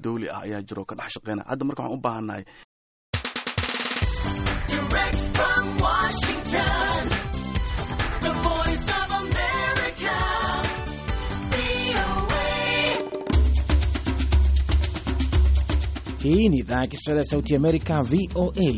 dowli ah ayaa jiro ka dhex shaqeyna hadda marka waxaan u baahannahay Hii ni idhaa ya Kiswahili ya Sauti Amerika, VOA,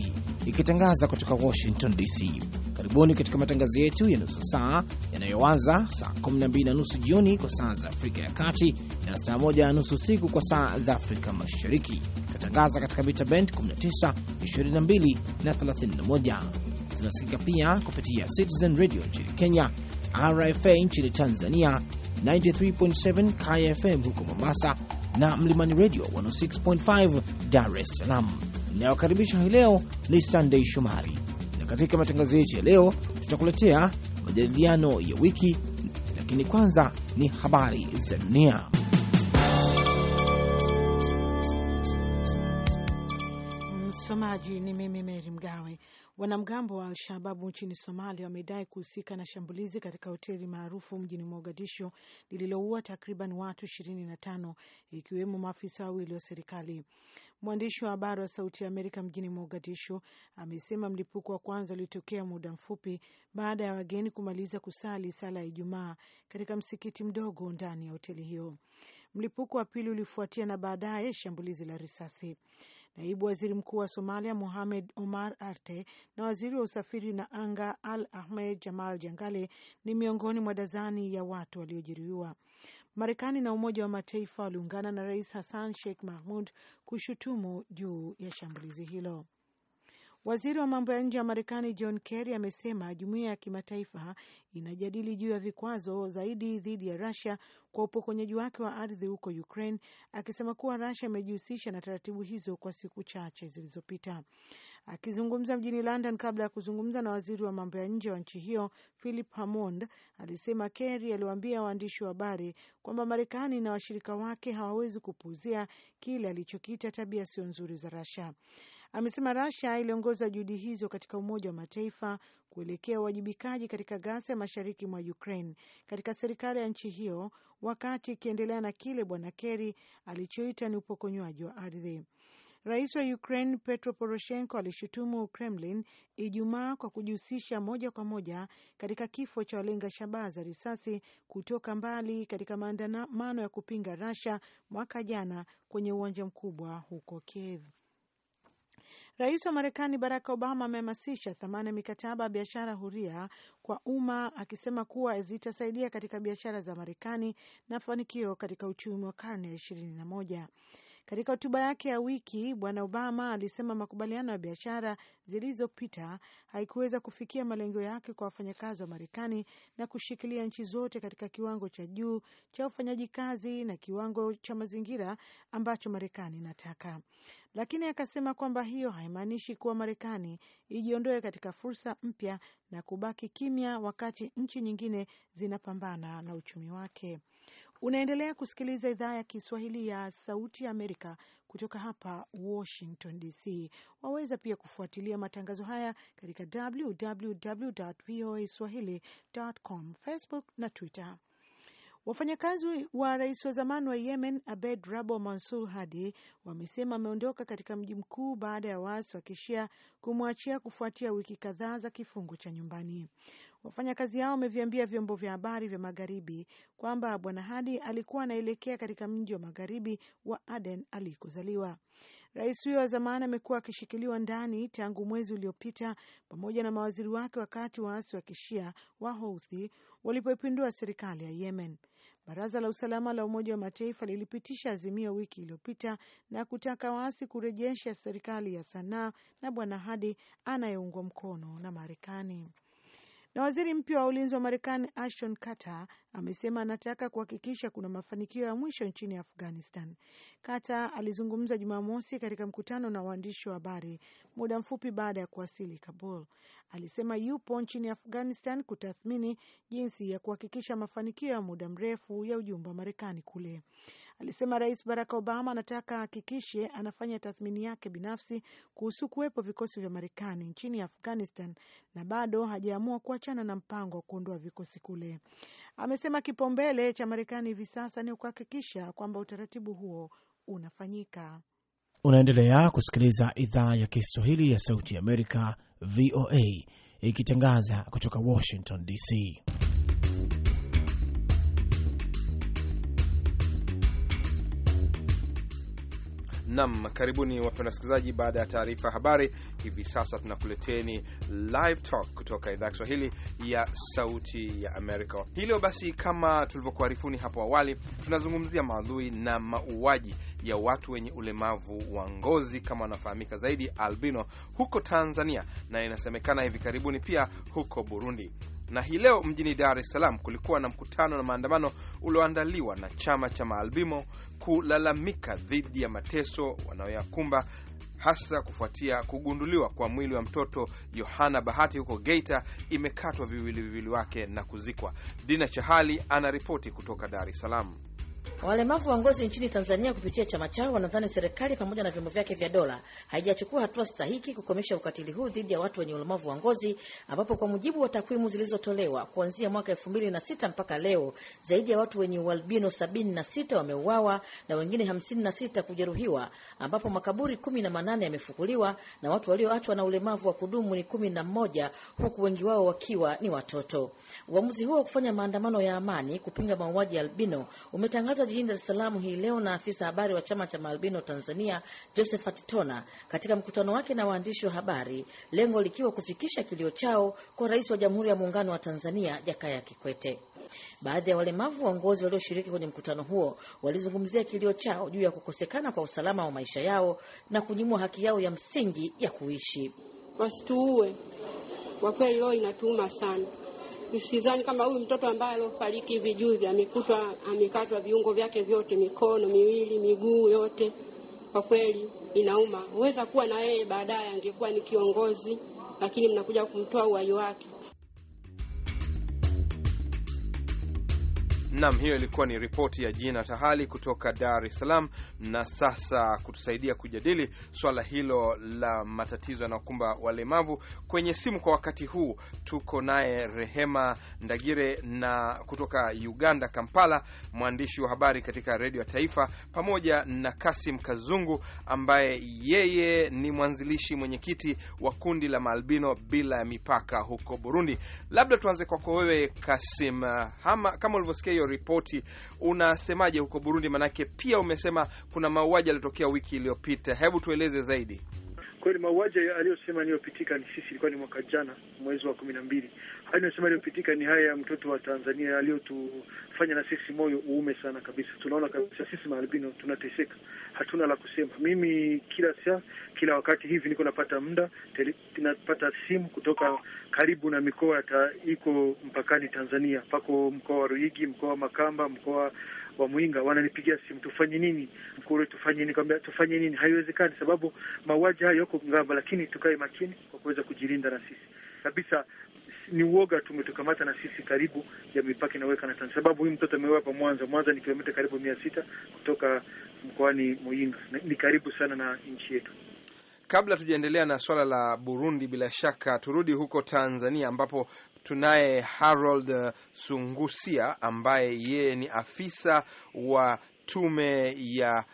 ikitangaza kutoka Washington DC. Karibuni katika matangazo yetu ya nusu saa yanayoanza saa 12 na nusu jioni kwa saa za Afrika ya Kati na saa 1 na nusu usiku kwa saa za Afrika Mashariki. Tunatangaza katika mita bend 19, 22 na 31. Tunasikika pia kupitia Citizen Radio nchini Kenya, RFA nchini Tanzania, 93.7 KFM huko Mombasa na Mlimani Radio 106.5 Dar es Salaam. Inayokaribisha hii leo ni Sunday shomari katika matangazo yetu ya leo, tutakuletea majadiliano ya wiki, lakini kwanza ni habari za dunia. Msomaji ni mimi Meri Mgawe. Wanamgambo wa Alshababu nchini Somalia wamedai kuhusika na shambulizi katika hoteli maarufu mjini Mogadisho lililoua takriban watu ishirini na tano ikiwemo maafisa wawili wa serikali. Mwandishi wa habari wa Sauti ya Amerika mjini Mogadisho amesema mlipuko wa kwanza ulitokea muda mfupi baada ya wageni kumaliza kusali sala ya Ijumaa katika msikiti mdogo ndani ya hoteli hiyo. Mlipuko wa pili ulifuatia na baadaye shambulizi la risasi. Naibu waziri mkuu wa Somalia Mohamed Omar Arte na waziri wa usafiri na anga Al Ahmed Jamal Jangale ni miongoni mwa dazani ya watu waliojeruhiwa. Marekani na Umoja wa Mataifa waliungana na Rais Hassan Sheikh Mahmud kushutumu juu ya shambulizi hilo. Waziri wa mambo ya nje wa Marekani John Kerry amesema jumuiya ya kimataifa inajadili juu ya vikwazo zaidi dhidi ya rasia kwa upokonyaji wake wa ardhi huko Ukraine, akisema kuwa rasia imejihusisha na taratibu hizo kwa siku chache zilizopita. Akizungumza mjini London kabla ya kuzungumza na waziri wa mambo ya nje wa nchi hiyo Philip Hammond, alisema Kerry aliwaambia waandishi wa habari kwamba Marekani na washirika wake hawawezi kupuuzia kile alichokiita tabia sio nzuri za rasia Amesema Rasia iliongoza juhudi hizo katika Umoja wa Mataifa kuelekea uwajibikaji katika ghasia mashariki mwa Ukraine katika serikali ya nchi hiyo, wakati ikiendelea na kile Bwana Kerry alichoita ni upokonywaji wa ardhi. Rais wa Ukraine Petro Poroshenko alishutumu Kremlin Ijumaa kwa kujihusisha moja kwa moja katika kifo cha walenga shabaha za risasi kutoka mbali katika maandamano ya kupinga Russia mwaka jana kwenye uwanja mkubwa huko Kiev. Rais wa Marekani Barack Obama amehamasisha thamani ya mikataba ya biashara huria kwa umma akisema kuwa zitasaidia katika biashara za Marekani na fanikio katika uchumi wa karne ya ishirini na moja. Katika hotuba yake ya wiki, Bwana Obama alisema makubaliano ya biashara zilizopita haikuweza kufikia malengo yake kwa wafanyakazi wa Marekani na kushikilia nchi zote katika kiwango cha juu cha ufanyaji kazi na kiwango cha mazingira ambacho Marekani inataka, lakini akasema kwamba hiyo haimaanishi kuwa Marekani ijiondoe katika fursa mpya na kubaki kimya wakati nchi nyingine zinapambana na uchumi wake. Unaendelea kusikiliza idhaa ya Kiswahili ya Sauti ya Amerika kutoka hapa Washington DC. Waweza pia kufuatilia matangazo haya katika www voa swahili com, Facebook na Twitter. Wafanyakazi wa rais wa zamani wa Yemen Abed Rabo Mansur Hadi wamesema ameondoka katika mji mkuu baada ya waasi wa kishia kumwachia kufuatia wiki kadhaa za kifungo cha nyumbani. Wafanyakazi hao wameviambia vyombo vya habari vya magharibi kwamba bwana Hadi alikuwa anaelekea katika mji wa magharibi wa Aden alikozaliwa. Rais huyo wa zamani amekuwa akishikiliwa ndani tangu mwezi uliopita pamoja na mawaziri wake, wakati waasi wa kishia wa Houthi walipoipindua serikali ya Yemen. Baraza la usalama la Umoja wa Mataifa lilipitisha azimio wiki iliyopita na kutaka waasi kurejesha serikali ya Sanaa na Bwana Hadi anayeungwa mkono na Marekani. Na waziri mpya wa ulinzi wa Marekani Ashton Carter amesema anataka kuhakikisha kuna mafanikio ya mwisho nchini Afghanistan. Kata alizungumza Jumamosi katika mkutano na waandishi wa habari muda mfupi baada ya kuwasili Kabul. Alisema yupo nchini Afghanistan kutathmini jinsi ya kuhakikisha mafanikio ya muda mrefu ya ujumbe wa Marekani kule. Alisema Rais Barack Obama anataka ahakikishe anafanya tathmini yake binafsi kuhusu kuwepo vikosi vya Marekani nchini Afghanistan na bado hajaamua kuachana na mpango wa kuondoa vikosi kule amesema kipaumbele cha Marekani hivi sasa ni kuhakikisha kwamba utaratibu huo unafanyika. Unaendelea kusikiliza idhaa ya Kiswahili ya Sauti ya Amerika, VOA, ikitangaza kutoka Washington DC. Nam, karibuni wapenda wasikilizaji. Baada ya taarifa ya habari, hivi sasa tunakuleteni live talk kutoka idhaa ya Kiswahili ya Sauti ya Amerika. Hii leo basi, kama tulivyokuarifuni hapo awali, tunazungumzia maadhui na mauaji ya watu wenye ulemavu wa ngozi kama wanafahamika zaidi albino, huko Tanzania na inasemekana hivi karibuni pia huko Burundi. Na hii leo mjini Dar es Salaam kulikuwa na mkutano na maandamano ulioandaliwa na chama cha maalbimo kulalamika dhidi ya mateso wanayoyakumba hasa kufuatia kugunduliwa kwa mwili wa mtoto Yohana Bahati huko Geita, imekatwa viwili viwili wake na kuzikwa. Dina Chahali anaripoti kutoka Dar es Salaam. Walemavu wa ngozi nchini Tanzania kupitia chama chao wanadhani serikali pamoja na vyombo vyake vya dola haijachukua hatua stahiki kukomesha ukatili huu dhidi ya watu wenye ulemavu wa ngozi, ambapo kwa mujibu wa takwimu zilizotolewa kuanzia mwaka elfu mbili na sita mpaka leo zaidi ya watu wenye ualbino sabini na sita wameuawa na wengine hamsini na sita kujeruhiwa, ambapo makaburi kumi na manane yamefukuliwa na watu walioachwa na ulemavu wa kudumu ni kumi na mmoja huku wengi wao wakiwa ni watoto. Uamuzi huo wa kufanya maandamano ya amani kupinga mauaji ya albino umetangazwa jijini Dar es Salaam hii leo na afisa habari wa chama cha maalbino Tanzania Josephat Tona katika mkutano wake na waandishi wa habari, lengo likiwa kufikisha kilio chao kwa Rais wa Jamhuri ya Muungano wa Tanzania Jakaya Kikwete. Baadhi ya walemavu waongozi walioshiriki kwenye mkutano huo walizungumzia kilio chao juu ya kukosekana kwa usalama wa maisha yao na kunyimwa haki yao ya msingi ya kuishi. Wasituue, kwa kweli leo inatuuma sana Sidhani kama huyu mtoto ambaye aliofariki hivi juzi amekutwa amekatwa viungo vyake vyote, mikono miwili, miguu yote, kwa kweli inauma. Huweza kuwa na yeye baadaye angekuwa ni kiongozi, lakini mnakuja kumtoa uhai wake. Nam, hiyo ilikuwa ni ripoti ya Jina Tahali kutoka Dar es Salaam. Na sasa kutusaidia kujadili swala hilo la matatizo yanayokumba walemavu, kwenye simu kwa wakati huu tuko naye Rehema Ndagire na kutoka Uganda, Kampala, mwandishi wa habari katika redio ya Taifa, pamoja na Kasim Kazungu ambaye yeye ni mwanzilishi mwenyekiti wa kundi la maalbino bila ya mipaka huko Burundi. Labda tuanze kwako wewe Kasim, kama ulivyosikia hiyo ripoti. Unasemaje huko Burundi? Manake pia umesema kuna mauaji aliotokea wiki iliyopita, hebu tueleze zaidi. Kweli mauaji aliyosema niyopitika ni sisi, ilikuwa ni mwaka jana mwezi wa kumi na mbili Anasema aliyopitika ni haya ya mtoto wa Tanzania aliyotufanya na sisi moyo uume sana kabisa. Tunaona kabisa sisi maalbino tunateseka, hatuna la kusema. Mimi kila saa, kila wakati hivi niko napata muda, napata simu kutoka karibu na mikoa iko mpakani Tanzania, pako mkoa wa Ruigi, mkoa wa Makamba, mkoa wa Mwinga, wananipigia simu, tufanye nini Mkuru, tufanye nini? Kwambia tufanye nini? Haiwezekani sababu mauaji hayo yako Ngamba, lakini tukae makini kwa kuweza kujilinda na sisi kabisa ni uoga tu umetukamata na sisi karibu ya mipaka inaweka na Tanzania, sababu huyu mtoto amewekwa Mwanza. Mwanza ni kilomita karibu mia sita kutoka mkoani Muyinga, ni karibu sana na nchi yetu. Kabla tujaendelea na swala la Burundi, bila shaka turudi huko Tanzania ambapo tunaye Harold Sungusia ambaye yeye ni afisa wa tume ya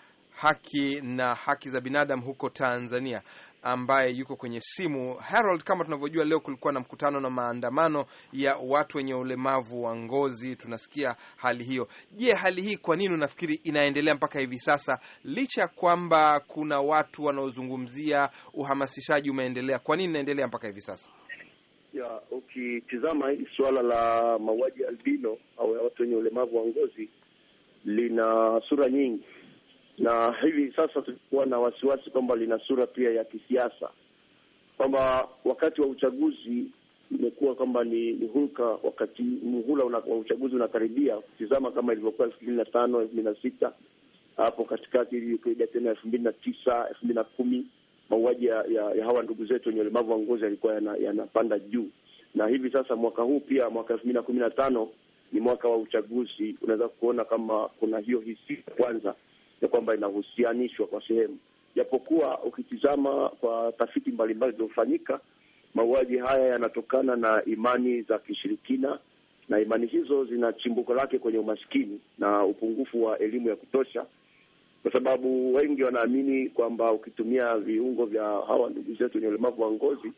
haki na haki za binadamu huko Tanzania ambaye yuko kwenye simu. Harold, kama tunavyojua, leo kulikuwa na mkutano na maandamano ya watu wenye ulemavu wa ngozi. Tunasikia hali hiyo. Je, hali hii kwa nini unafikiri inaendelea mpaka hivi sasa, licha ya kwamba kuna watu wanaozungumzia uhamasishaji umeendelea? Kwa nini inaendelea mpaka hivi sasa? ya ukitizama, okay, hili suala la mauaji albino au ya watu wenye ulemavu wa ngozi lina sura nyingi na hivi sasa tulikuwa na wasiwasi kwamba lina sura pia ya kisiasa, kwamba wakati wa uchaguzi imekuwa kwamba ni, hulka wakati muhula una, wa uchaguzi unakaribia, kutizama kama ilivyokuwa elfu mbili na tano elfu mbili na sita hapo katikati ilikuja tena elfu mbili na tisa elfu mbili na kumi mauaji ya, ya, ya hawa ndugu zetu wenye ulemavu wa ngozi yalikuwa yanapanda yana juu, na hivi sasa mwaka huu pia mwaka elfu mbili na kumi na tano ni mwaka wa uchaguzi. Unaweza kuona kama kuna hiyo hisia kwanza ya kwamba inahusianishwa kwa sehemu, japokuwa ukitizama kwa tafiti mbalimbali zilizofanyika, mauaji haya yanatokana na imani za kishirikina, na imani hizo zina chimbuko lake kwenye umaskini na upungufu wa elimu ya kutosha, kwa sababu wengi wanaamini kwamba ukitumia viungo vya hawa ndugu zetu wenye ulemavu wa ngozi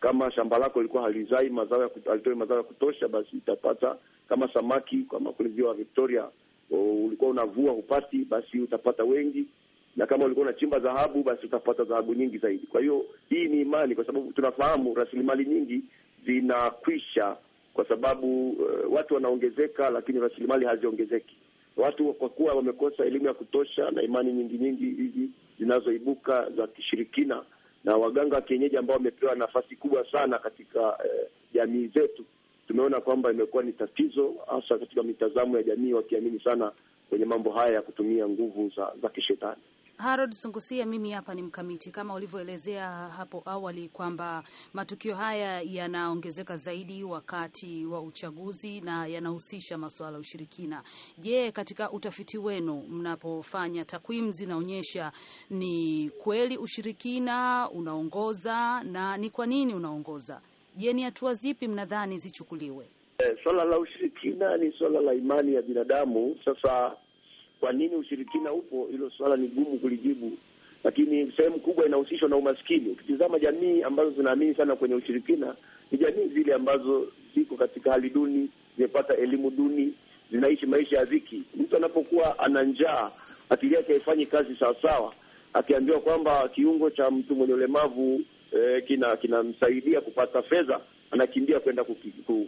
kama shamba lako ilikuwa halizai mazao, alitoi mazao ya kutosha, basi itapata kama samaki, kama kule wa Victoria Oh, ulikuwa unavua hupati, basi utapata wengi, na kama ulikuwa unachimba dhahabu, basi utapata dhahabu nyingi zaidi. Kwa hiyo hii ni imani, kwa sababu tunafahamu rasilimali nyingi zinakwisha, kwa sababu uh, watu wanaongezeka, lakini rasilimali haziongezeki. Watu kwa kuwa wamekosa elimu ya kutosha na imani nyingi nyingi hizi zinazoibuka za kishirikina, na waganga wa kienyeji ambao wamepewa nafasi kubwa sana katika eh, jamii eh, zetu tumeona kwamba imekuwa ni tatizo hasa katika mitazamo ya jamii, wakiamini sana kwenye mambo haya ya kutumia nguvu za, za kishetani. Harold Sungusia, mimi hapa ni mkamiti, kama ulivyoelezea hapo awali kwamba matukio haya yanaongezeka zaidi wakati wa uchaguzi na yanahusisha masuala ya ushirikina. Je, katika utafiti wenu mnapofanya takwimu, zinaonyesha ni kweli ushirikina unaongoza na ni kwa nini unaongoza? Je, ni hatua zipi mnadhani zichukuliwe? E, swala la ushirikina ni swala la imani ya binadamu. Sasa kwa nini ushirikina upo? Hilo swala ni gumu kulijibu, lakini sehemu kubwa inahusishwa na umaskini. Ukitizama jamii ambazo zinaamini sana kwenye ushirikina ni jamii zile ambazo ziko katika hali duni, zimepata elimu duni, zinaishi maisha ya dhiki. Mtu anapokuwa ana njaa, akili yake haifanyi kazi sawasawa, akiambiwa kwamba kiungo cha mtu mwenye ulemavu eh, kina kinamsaidia kupata fedha, anakimbia kwenda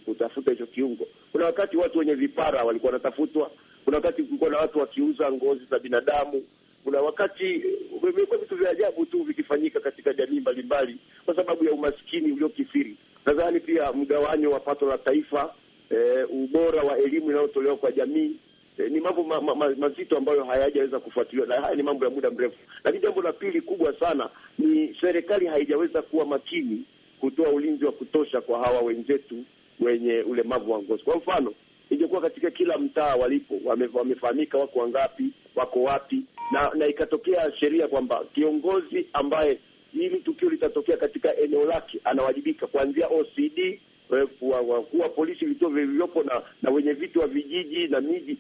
kutafuta hicho kiungo. Kuna wakati watu wenye vipara walikuwa wanatafutwa, kuna wakati kulikuwa na watu wakiuza ngozi za binadamu kuna wakati eh, vimekuwa vitu vya ajabu tu vikifanyika katika jamii mbalimbali kwa sababu ya umaskini uliokithiri. Nadhani pia mgawanyo wa pato la taifa, e, ubora wa elimu inayotolewa kwa jamii Eh, ni mambo ma, ma, ma, mazito ambayo hayajaweza kufuatiliwa, na haya ni mambo ya muda mrefu. Lakini jambo la pili kubwa sana ni serikali haijaweza kuwa makini kutoa ulinzi wa kutosha kwa hawa wenzetu wenye ulemavu wa ngozi. Kwa mfano, ingekuwa katika kila mtaa walipo, wame, wamefahamika wako wangapi, wako wapi, na, na ikatokea sheria kwamba kiongozi ambaye hili tukio litatokea katika eneo lake anawajibika kuanzia OCD Eh, wakuu wa polisi, vituo vilivyopo na, na wenye vitu wa vijiji na miji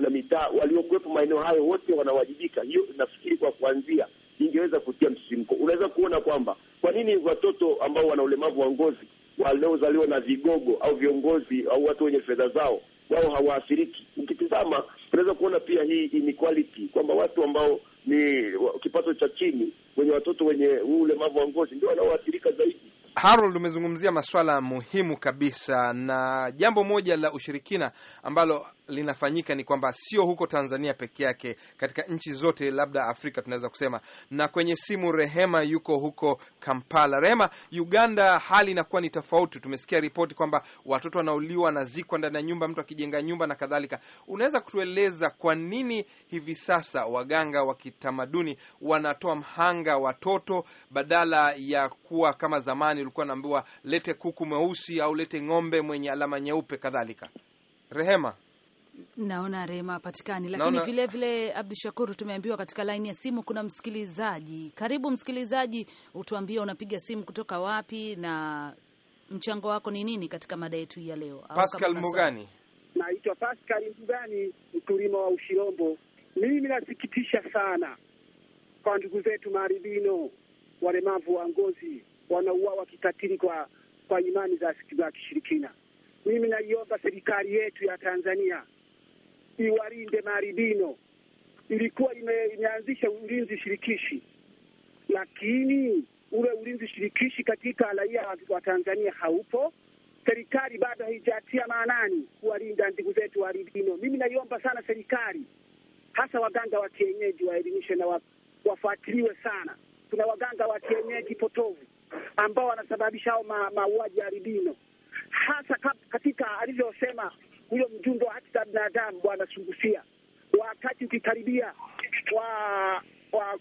na mitaa waliokuwepo maeneo hayo wote wanawajibika. Hiyo nafikiri kwa kuanzia ingeweza kutia msisimko. Unaweza kuona kwamba kwa nini watoto ambao wana ulemavu wa ngozi waliozaliwa na vigogo au viongozi au watu wenye fedha zao wao hawaathiriki. Ukitizama unaweza kuona pia hii inequality kwamba watu ambao ni kipato cha chini wenye watoto wenye huu ulemavu wa ngozi ndio wanaoathirika zaidi. Harold, umezungumzia masuala muhimu kabisa, na jambo moja la ushirikina ambalo linafanyika ni kwamba sio huko Tanzania peke yake, katika nchi zote labda Afrika tunaweza kusema. Na kwenye simu Rehema yuko huko Kampala. Rehema, Uganda hali inakuwa ni tofauti. Tumesikia ripoti kwamba watoto wanauliwa, wanazikwa ndani ya nyumba, mtu akijenga nyumba na kadhalika. Unaweza kutueleza kwa nini hivi sasa waganga wa kitamaduni wanatoa mhanga watoto badala ya kuwa kama zamani ulikuwa naambiwa lete kuku mweusi au lete ng'ombe mwenye alama nyeupe kadhalika? Rehema naona Rema hapatikani, lakini naona... vile vile Abdu Shakuru, tumeambiwa katika laini ya simu kuna msikilizaji. Karibu msikilizaji, utuambie unapiga simu kutoka wapi na mchango wako ni nini katika mada yetu ya leo. Pascal Mugani. Naitwa Pascal Mugani, mkulima wa Ushirombo. Mimi nasikitisha sana kwa ndugu zetu maaribino walemavu wa ngozi wanauawa kikatili kwa kwa imani za za kishirikina. Mimi naiomba serikali yetu ya Tanzania iwalinde maaribino Ilikuwa imeanzisha ulinzi shirikishi, lakini ule ulinzi shirikishi katika raia wa Tanzania haupo. Serikali bado haijatia maanani kuwalinda ndugu zetu waridino. Mimi naiomba sana serikali, hasa waganga wa kienyeji waelimishwe na wafuatiliwe sana. Kuna waganga wa kienyeji potovu ambao wanasababisha hao mauaji ya albino, hasa katika alivyosema huyo mjumbe wa haki za binadamu bwana Sungusia, wakati ukikaribia kwa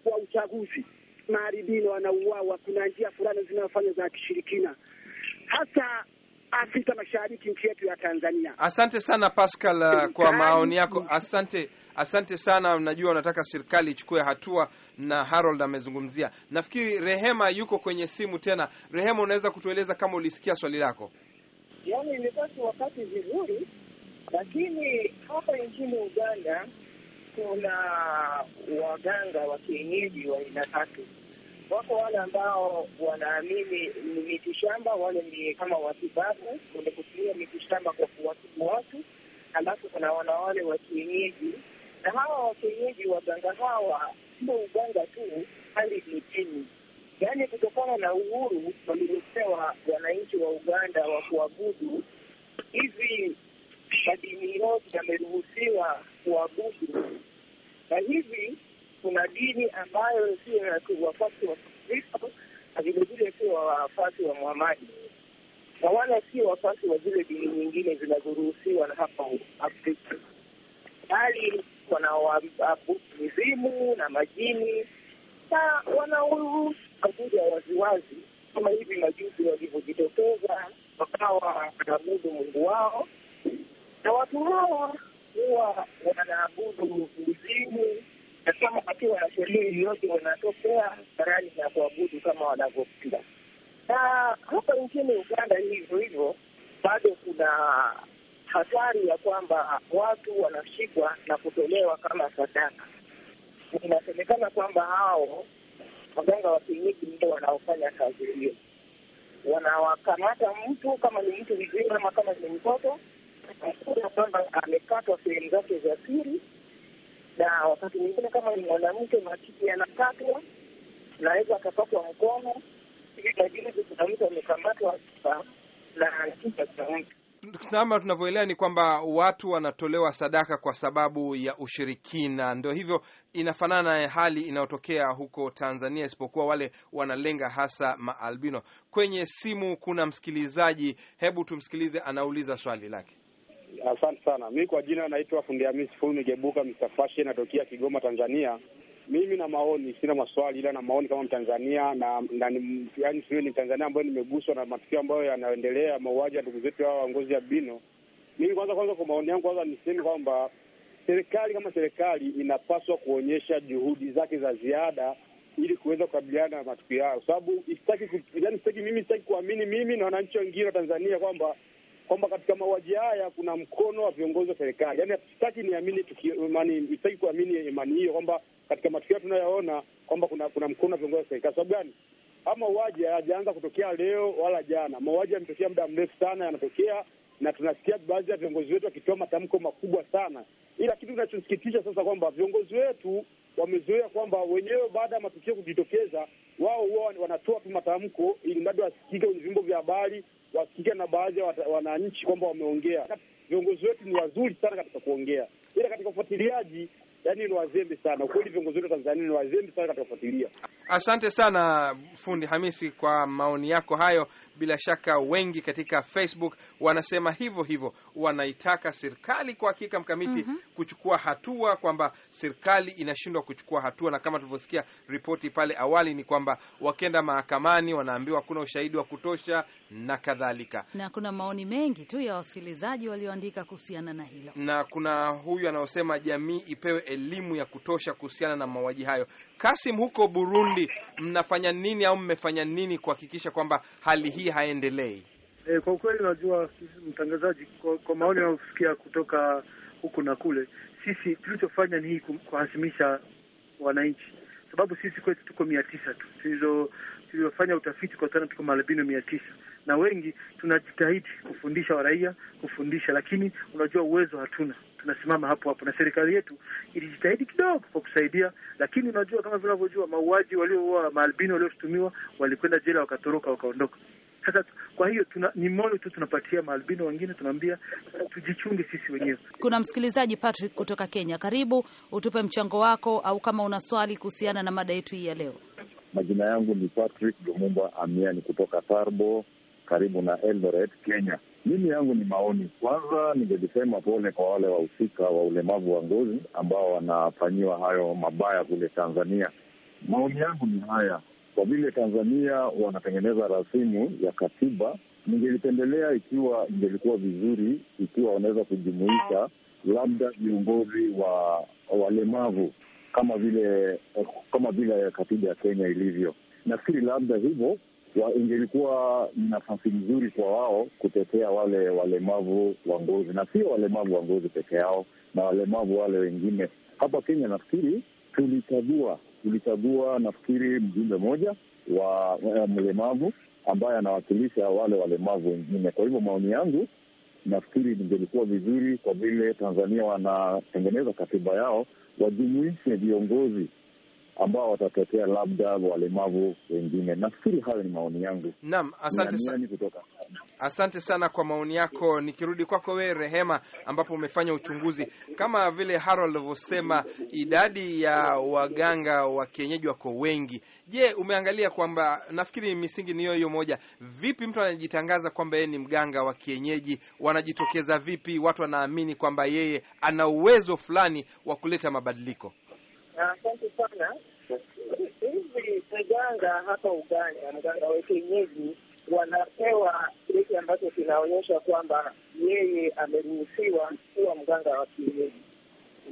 kwa uchaguzi, maharibini wanauawa, kuna njia fulani zinazofanywa za kishirikina hasa Afrika Mashariki, nchi yetu ya Tanzania. Asante sana Pascal uh, kwa maoni yako. Asante, asante sana. Unajua, unataka serikali ichukue hatua, na Harold amezungumzia. Nafikiri Rehema yuko kwenye simu tena. Rehema, unaweza kutueleza kama ulisikia swali lako? Yaani imepasi wakati vizuri lakini hapa nchini Uganda kuna waganga wa kienyeji wa aina tatu. Wako wale ambao wanaamini ni miti shamba wale ni kama watibabu wenye kutumia shamba kwa kuwatibu watu. alafu kuna wanawale wa kienyeji, na hawa wa kienyeji, waganga hawa sio uganga tu, hali ni dini. Yaani, kutokana na uhuru waliopewa wananchi wa Uganda wa kuabudu hivi madini yote yameruhusiwa kuabudu, na hivi kuna dini ambayo sio ya wafuasi wa Kristo na vilevile sio wafuasi wa Muhamadi na wala sio wafuasi wa zile dini nyingine zinazoruhusiwa na hapa Afrika, bali wanaoabudu mizimu na majini na wanaoruhusu abuda waziwazi, kama hivi majuzi walivyojitokeza wakawa wanaabudu Mungu wao na watu hawa huwa wanaabudu uzimu, na kama hatua ya sheria yoyote wanatokea barani na kuabudu kama wanavyopenda. Na hapa nchini Uganda hivyo hivyo, bado kuna hatari ya kwamba watu wanashikwa na kutolewa kama sadaka. Inasemekana kwamba hao waganga wa kienyeji ndio wanaofanya kazi hiyo, wanawakamata mtu kama ni mtu mzima ama kama ni mtoto unakuta kwamba amekatwa sehemu zake za siri, na wakati mwingine kama ni mwanamke matiti anakatwa, naweza akapatwa mkono. Hivi majuzi kuna mtu amekamatwa na kichwa cha mtu nama tunavyoelewa ni kwamba watu wanatolewa sadaka kwa sababu ya ushirikina. Ndio hivyo, inafanana na hali inayotokea huko Tanzania, isipokuwa wale wanalenga hasa maalbino. Kwenye simu kuna msikilizaji, hebu tumsikilize, anauliza swali lake. Asante sana. Mi kwa jina naitwa Fundi Hamisi Fulu Nigebuka Mr. Fashion, natokea Kigoma, Tanzania. Mimi na maoni, sina maswali, ila na maoni kama Mtanzania na, na yani sio ni Mtanzania ambayo nimeguswa na matukio ambayo yanaendelea mauaji ya ndugu zetu hawa ngozi ya bino. Mimi kwanza kwanza, kwa maoni yangu, kwanza niseme kwamba serikali kama serikali inapaswa kuonyesha juhudi zake za ziada ili kuweza kukabiliana na matukio hayo, kwa sababu sitaki, yani sitaki mimi, sitaki kuamini mimi na wananchi wengine wa Tanzania kwamba kwamba katika mauaji haya kuna mkono wa viongozi wa serikali. Yani sitaki niamini, sitaki kuamini imani hiyo kwamba katika matukio tunayoona kwamba kuna kuna mkono wa viongozi wa serikali. Sababu gani? Haya mauaji hayajaanza kutokea leo wala jana. Mauaji yametokea muda mrefu sana, yanatokea na tunasikia baadhi ya viongozi wetu wakitoa matamko makubwa sana, ila kitu kinachosikitisha sasa kwamba viongozi wetu wamezoea kwamba wenyewe baada ya matukio kujitokeza, wao huwa wanatoa tu matamko ili mradi wasikike kwenye vyombo vya habari, wasikike na baadhi ya wananchi kwamba wameongea. Viongozi wetu ni wazuri sana katika kuongea, ila katika ufuatiliaji yani ni wazembe sana kweli. viongozi wetu Tanzania ni wazembe sana katika kufuatilia. Asante sana fundi Hamisi kwa maoni yako hayo. Bila shaka wengi katika Facebook wanasema hivyo hivyo, wanaitaka serikali kwa hakika mkamiti mm -hmm. kuchukua hatua, kwamba serikali inashindwa kuchukua hatua, na kama tulivyosikia ripoti pale awali ni kwamba wakenda mahakamani wanaambiwa kuna ushahidi wa kutosha na kadhalika, na kuna maoni mengi tu ya wasikilizaji walioandika kuhusiana na hilo, na kuna huyu anaosema jamii ipewe elimu ya kutosha kuhusiana na mauaji hayo. Kasim, huko Burundi mnafanya nini au mmefanya nini kuhakikisha kwamba hali hii haendelei? E, kwa ukweli unajua mtangazaji, kwa, kwa maoni anaosikia kutoka huku na kule, sisi tulichofanya ni hii kuhasimisha wananchi sababu sisi kwetu tuko mia tisa tu tuliofanya utafiti kwa sana, tuko maalbino mia tisa na wengi tunajitahidi kufundisha waraia kufundisha, lakini unajua uwezo hatuna, tunasimama hapo hapo, na serikali yetu ilijitahidi kidogo kwa kusaidia, lakini unajua kama vinavyojua mauaji, walioua maalbino walioshutumiwa walikwenda jela, wakatoroka, wakaondoka. Sasa kwa hiyo tuna, ni moyo tu tunapatia maalbino wengine, tunaambia tujichunge sisi wenyewe. Kuna msikilizaji Patrick kutoka Kenya, karibu utupe mchango wako, au kama una swali kuhusiana na mada yetu hii ya leo. Majina yangu ni Patrick Lumumba Amiani kutoka Tarbo karibu na Eldoret, Kenya. Mimi yangu ni maoni. Kwanza ningelisema pole kwa wale wahusika wa ulemavu wa ngozi ambao wanafanyiwa hayo mabaya kule Tanzania. Maoni yangu ni haya, kwa vile Tanzania wanatengeneza rasimu ya katiba, ningelipendelea ikiwa ingelikuwa vizuri ikiwa wanaweza kujumuisha labda viongozi wa walemavu kama vile kama vile katiba ya Kenya ilivyo. Nafikiri labda hivyo ingelikuwa ni nafasi nzuri kwa wao kutetea wale walemavu wa ngozi, na sio walemavu wa ngozi peke yao, na walemavu wale wengine. Hapa Kenya nafikiri tulichagua tulichagua nafikiri mjumbe moja wa uh, mlemavu ambaye anawakilisha wale walemavu wengine. Kwa hivyo maoni yangu nafikiri ingelikuwa vizuri, kwa vile Tanzania wanatengeneza katiba yao, wajumuishe viongozi ambao watatokea labda walemavu wengine. Nafikiri hayo ni maoni yangu. Naam, asante sana kutoka. Asante sana kwa maoni yako. Nikirudi kwako wewe Rehema, ambapo umefanya uchunguzi kama vile haro alivyosema, idadi ya waganga wa kienyeji wako wengi. Je, umeangalia kwamba nafikiri misingi ni hiyo hiyo moja, vipi mtu anajitangaza kwamba yeye ni mganga wa kienyeji? Wanajitokeza vipi? Watu wanaamini kwamba yeye ana uwezo fulani wa kuleta mabadiliko. Asante sana. Hizi mganga hapa Uganda, mganga wa kienyeji wanapewa kile ambacho kinaonyesha kwamba yeye ameruhusiwa kuwa mganga wa kienyeji,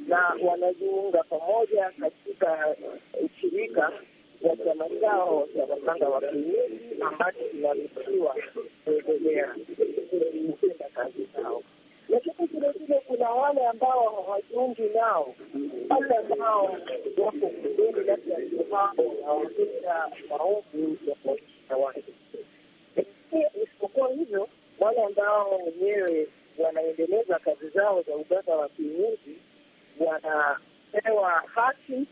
na wanajiunga pamoja katika ushirika wa chama chao cha waganga wa kienyeji ambacho kinaruhusiwa kuendelea kuenda kazi zao lakini vile kuna wale ambao hawajiungi nao, wale ambao wako kigeni, ya ndio mambo hawakuta maovu ya kuwakisha watu. Lakini isipokuwa hivyo, wale ambao wenyewe wanaendeleza kazi zao za uganga wa kienyeji wanapewa haki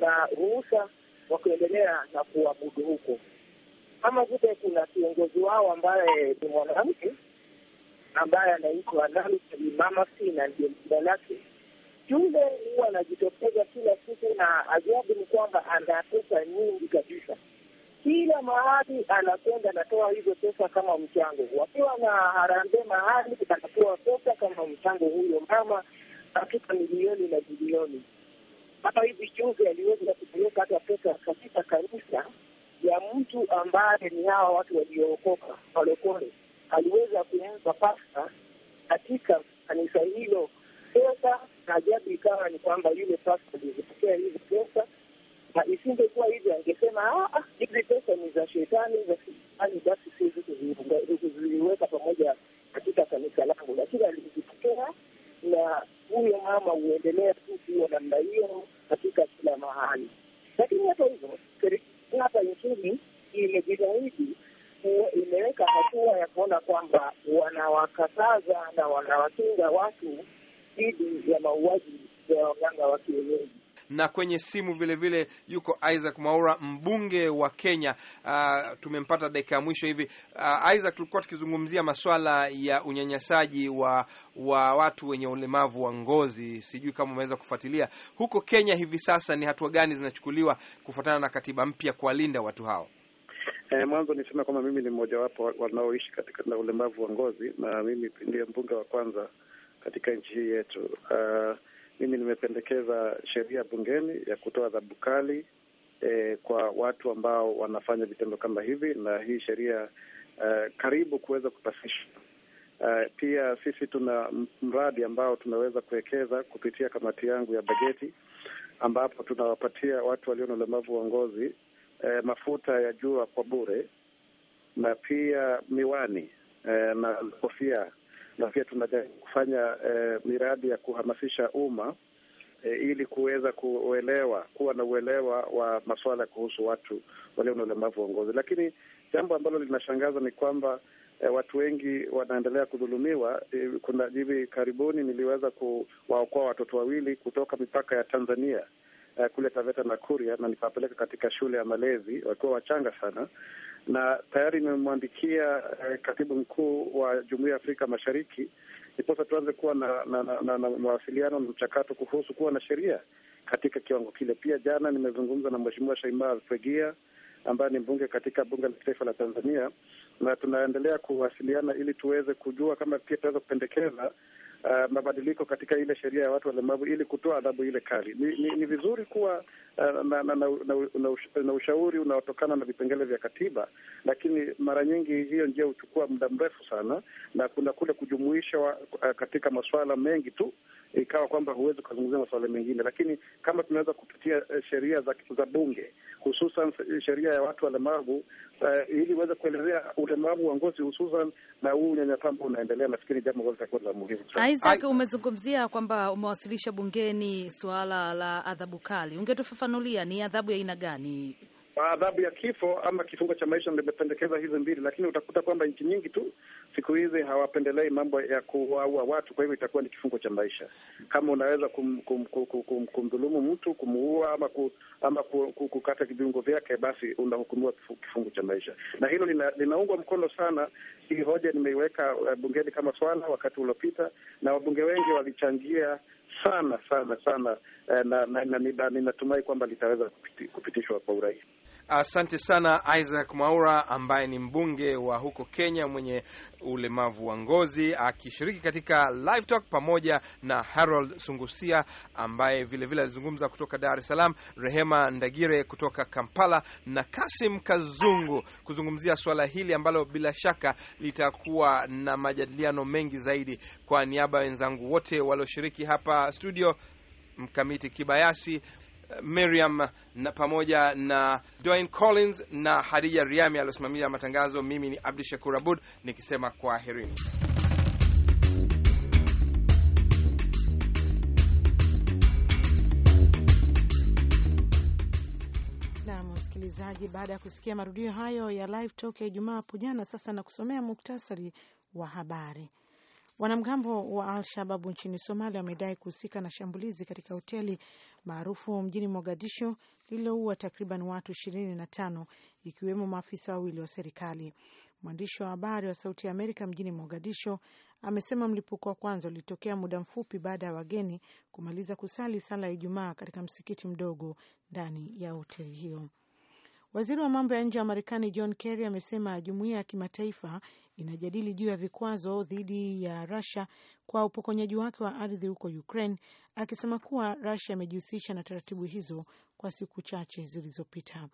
na ruhusa wa kuendelea na kuabudu huko. Kama vile kuna kiongozi wao ambaye ni mwanamke ambaye anaitwa Nalutani Mama Sina ndiyo jina lake. Yule huwa anajitokeza kila siku, na ajabu ni kwamba ana pesa nyingi kabisa. Kila mahali anakwenda anatoa hizo pesa kama mchango. Wakiwa na harambee mahali, anatoa pesa kama mchango, huyo mama katika milioni na bilioni. Hata hivi juzi aliweza kupeleka hata pesa katika kanisa ya mtu ambaye ni hawa watu waliookoka walokole aliweza kumpa pasta katika kanisa hilo pesa, na ajabu ikawa ni kwamba yule pasta alizipokea hizi pesa, na isingekuwa hivyo angesema ah, ah, hizi pesa ni za shetani, za shetani, basi siwezi kuziweka pamoja katika kanisa langu, lakini alizipokea na huyo mama huendelea tu kuwa namna hiyo katika kila mahali. Lakini hata hivyo, hata nchini imejitahidi wameweka hatua ya kuona kwamba wanawakataza na wanawakinga watu dhidi ya mauaji ya waganga wa kienyeji na kwenye simu vile vile yuko Isaac Mwaura, mbunge wa Kenya. Uh, tumempata dakika ya mwisho hivi. Uh, Isaac, tulikuwa tukizungumzia masuala ya unyanyasaji wa, wa watu wenye ulemavu wa ngozi. Sijui kama umeweza kufuatilia huko Kenya hivi sasa, ni hatua gani zinachukuliwa kufuatana na katiba mpya kuwalinda watu hao? Eh, mwanzo niseme kwamba mimi ni mmojawapo wanaoishi katika na ulemavu wa ngozi na mimi ndiye mbunge wa kwanza katika nchi hii yetu. Uh, mimi nimependekeza sheria bungeni ya kutoa adhabu kali eh, kwa watu ambao wanafanya vitendo kama hivi, na hii sheria uh, karibu kuweza kupasishwa. Uh, eh, pia sisi tuna mradi ambao tunaweza kuwekeza kupitia kamati yangu ya bajeti, ambapo tunawapatia watu walio na ulemavu wa ngozi e, mafuta ya jua kwa bure na pia miwani e, na kofia na pia tunajaribu kufanya e, miradi ya kuhamasisha umma e, ili kuweza kuelewa, kuwa na uelewa wa masuala kuhusu watu walio na ulemavu wa ngozi. Lakini jambo ambalo linashangaza ni kwamba e, watu wengi wanaendelea kudhulumiwa. E, kuna hivi karibuni niliweza kuwaokoa watoto wawili kutoka mipaka ya Tanzania uh, kule Taveta na Kuria, na nikawapeleka katika shule ya malezi wakiwa wachanga sana, na tayari nimemwandikia uh, katibu mkuu wa Jumuiya ya Afrika Mashariki niposa tuanze kuwa na, na, na, na, na mawasiliano na mchakato kuhusu kuwa na sheria katika kiwango kile. Pia jana nimezungumza na Mheshimiwa Shaima Alfregia ambaye ni mbunge katika bunge la kitaifa la Tanzania, na tunaendelea kuwasiliana ili tuweze kujua kama pia tunaweza kupendekeza uh, mabadiliko katika ile sheria ya watu walemavu ili kutoa adhabu ile kali. Ni, ni, ni vizuri kuwa uh, na, na, na, na, na ushauri unaotokana na vipengele vya katiba, lakini mara nyingi hiyo njia huchukua muda mrefu sana, na kuna kule kujumuisha wa, uh, katika masuala mengi tu ikawa kwamba huwezi ukazungumzia masuala mengine, lakini kama tunaweza kupitia sheria za, za bunge hususan sheria ya watu walemavu uh, ili uweze kuelezea ulemavu wa ngozi hususan na huu unyanyapaa ambao unaendelea, nafikiri jambo ambalo litakuwa la muhimu sana. Isaac, umezungumzia kwamba umewasilisha bungeni suala la adhabu kali. Ungetufafanulia ni adhabu ya aina gani adhabu ya kifo ama kifungo cha maisha limependekeza hizi mbili, lakini utakuta kwamba nchi nyingi tu siku hizi hawapendelei mambo ya kuwaua watu. Kwa hivyo itakuwa ni kifungo cha maisha kama unaweza kum, kum, kum, kum, kumdhulumu mtu kumuua ama, ku, ama ku, ku, kukata viungo vyake, basi unahukumiwa kifungo cha maisha, na hilo lina, linaungwa mkono sana. Hii hoja nimeiweka eh, bungeni kama swala wakati uliopita, na wabunge wengi walichangia sana sana sana eh, na, na, na, na ninatumai kwamba litaweza kupiti, kupitishwa kwa urahisi. Asante sana Isaac Mwaura ambaye ni mbunge wa huko Kenya mwenye ulemavu wa ngozi akishiriki katika live talk pamoja na Harold Sungusia ambaye vilevile alizungumza kutoka Dar es Salaam, Rehema Ndagire kutoka Kampala na Kasim Kazungu kuzungumzia suala hili ambalo bila shaka litakuwa na majadiliano mengi zaidi. Kwa niaba ya wenzangu wote walioshiriki hapa studio Mkamiti Kibayasi, Miriam na pamoja na Dwayne Collins na Hadija Riami aliosimamia matangazo. Mimi ni Abdu Shakur Abud nikisema kwaherini. Naam msikilizaji, baada ya kusikia marudio hayo ya Live Talk ya Ijumaa hapo jana, sasa na kusomea muktasari wa habari. Wanamgambo wa Al-Shababu nchini Somalia wamedai kuhusika na shambulizi katika hoteli maarufu mjini Mogadisho lililoua takriban watu ishirini na tano ikiwemo maafisa wawili wa serikali. Mwandishi wa habari wa Sauti ya Amerika mjini Mogadisho amesema mlipuko wa kwanza ulitokea muda mfupi baada ya wageni kumaliza kusali sala ya Ijumaa katika msikiti mdogo ndani ya hoteli hiyo. Waziri wa mambo ya nje wa Marekani John Kerry amesema jumuiya ya kimataifa inajadili juu ya vikwazo dhidi ya Russia kwa upokonyaji wake wa ardhi huko Ukraine, akisema kuwa Russia imejihusisha na taratibu hizo kwa siku chache zilizopita.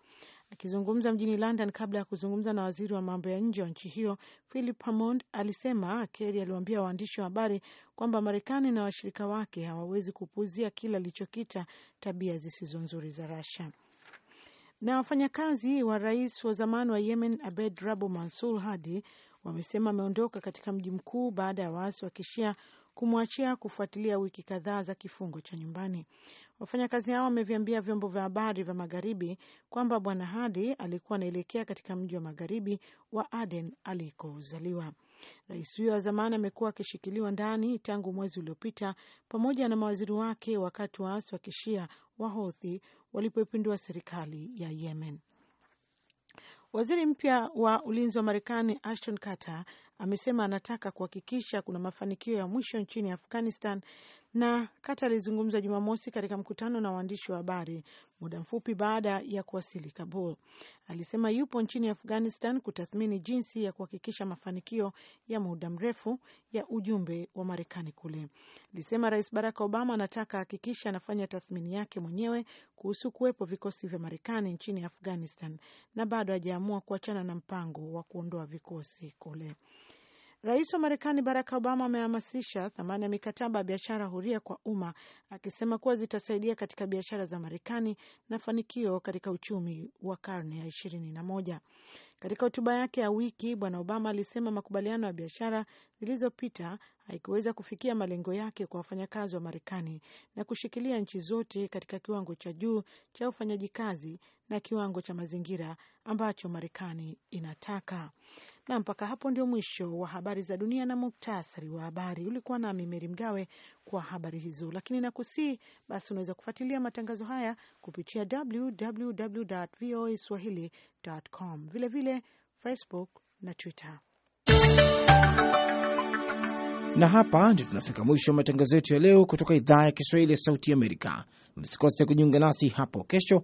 Akizungumza mjini London kabla ya kuzungumza na waziri wa mambo ya nje wa nchi hiyo Philip Hammond, alisema Kerry aliwaambia waandishi wa habari kwamba Marekani na washirika wake hawawezi kupuuzia kile alichokita tabia zisizo nzuri za Russia. Na wafanyakazi wa rais wa zamani wa Yemen Abed Rabu Mansur Hadi wamesema ameondoka katika mji mkuu baada ya waasi wa kishia kumwachia kufuatilia wiki kadhaa za kifungo cha nyumbani. Wafanyakazi hao wameviambia vyombo vya habari vya magharibi kwamba bwana Hadi alikuwa anaelekea katika mji wa magharibi wa Aden alikozaliwa. Rais huyo wa zamani amekuwa akishikiliwa ndani tangu mwezi uliopita pamoja na mawaziri wake, wakati waasi wa kishia Wahothi walipoipindua serikali ya Yemen. Waziri mpya wa ulinzi wa Marekani Ashton Carter amesema anataka kuhakikisha kuna mafanikio ya mwisho nchini Afghanistan na Kata alizungumza Jumamosi katika mkutano na waandishi wa habari muda mfupi baada ya kuwasili Kabul. Alisema yupo nchini Afghanistan kutathmini jinsi ya kuhakikisha mafanikio ya muda mrefu ya ujumbe wa Marekani kule. Alisema Rais Barack Obama anataka hakikisha anafanya tathmini yake mwenyewe kuhusu kuwepo vikosi vya Marekani nchini Afghanistan na bado hajaamua kuachana na mpango wa kuondoa vikosi kule. Rais wa Marekani Barack Obama amehamasisha thamani ya mikataba ya biashara huria kwa umma, akisema kuwa zitasaidia katika biashara za Marekani na fanikio katika uchumi wa karne ya ishirini na moja. Katika hotuba yake ya wiki, Bwana Obama alisema makubaliano ya biashara zilizopita haikuweza kufikia malengo yake kwa wafanyakazi wa Marekani na kushikilia nchi zote katika kiwango cha juu cha ufanyaji kazi na kiwango cha mazingira ambacho Marekani inataka. Na mpaka hapo ndio mwisho wa habari za dunia na muktasari wa habari. Ulikuwa nami Meri Mgawe kwa habari hizo, lakini nakusii basi unaweza kufuatilia matangazo haya kupitia www.voaswahili.com, vilevile Facebook na Twitter. Na hapa ndio tunafika mwisho wa matangazo yetu ya leo kutoka idhaa ya Kiswahili ya Sauti Amerika. Msikose kujiunga nasi hapo kesho